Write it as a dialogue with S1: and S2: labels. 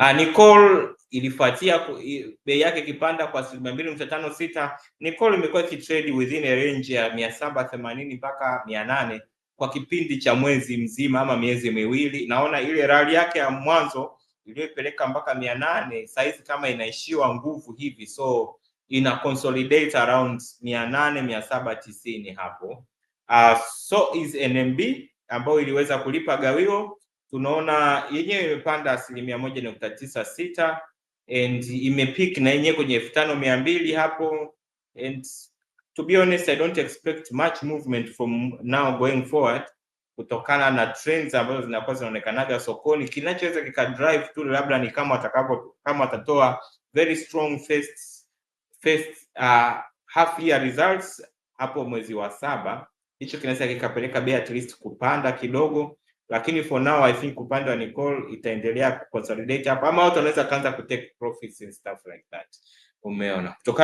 S1: Uh, Nicole ilifuatia bei yake ikipanda kwa asilimia mbili nukta tano sita. Nicole imekuwa ikitrade within a range ya mia saba themanini mpaka mia nane kwa kipindi cha mwezi mzima ama miezi miwili. Naona ile rali yake ya mwanzo iliyoipeleka mpaka mia nane saizi kama inaishiwa nguvu hivi, so ina consolidate around mia nane mia saba tisini hapo. Uh, so is NMB ambayo iliweza kulipa gawio tunaona yenyewe imepanda asilimia moja nukta tisa sita and imepik na yenyewe kwenye elfu tano mia mbili hapo and to be honest I don't expect much movement from now going forward kutokana na trends ambazo zinakuwa zinaonekanaga sokoni. Kinachoweza kika drive tu labda ni kama watakapo kama watatoa very strong first first uh, half year results hapo mwezi wa saba, hicho kinaweza kikapeleka bei at least kupanda kidogo lakini for now I think upande wa Nicole itaendelea kuconsolidate hapa, ama watu wanaweza kaanza kutake profits and stuff like that. Umeona kutoka